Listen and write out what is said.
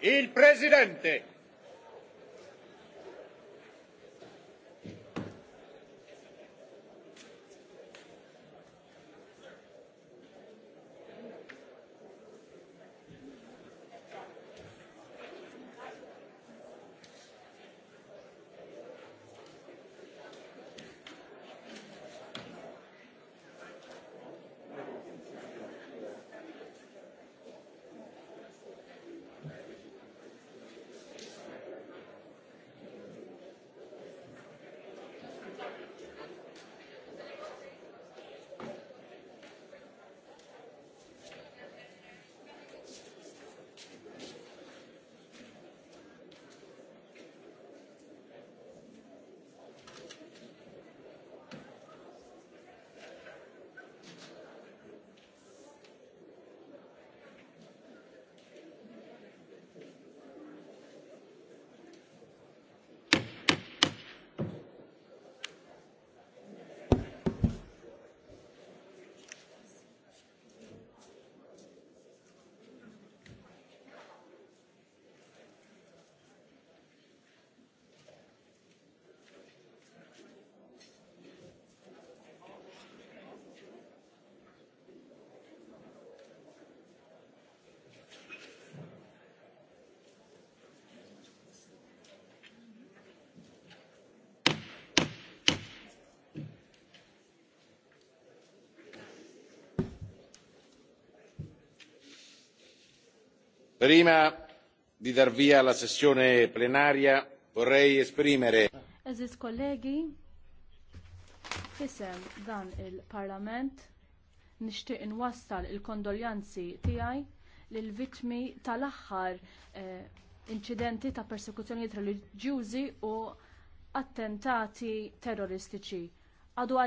il Presidente. Prima di dar via alla sessione plenaria vorrei esprimere. Aziz kollegi, isem dan il-Parlament nixtieq inwassal il-kondoljanzi tiegħi lill vittmi tal-aħħar eh, inċidenti ta' persekuzzjonijiet reliġjużi u attentati terroristiċi. Għadu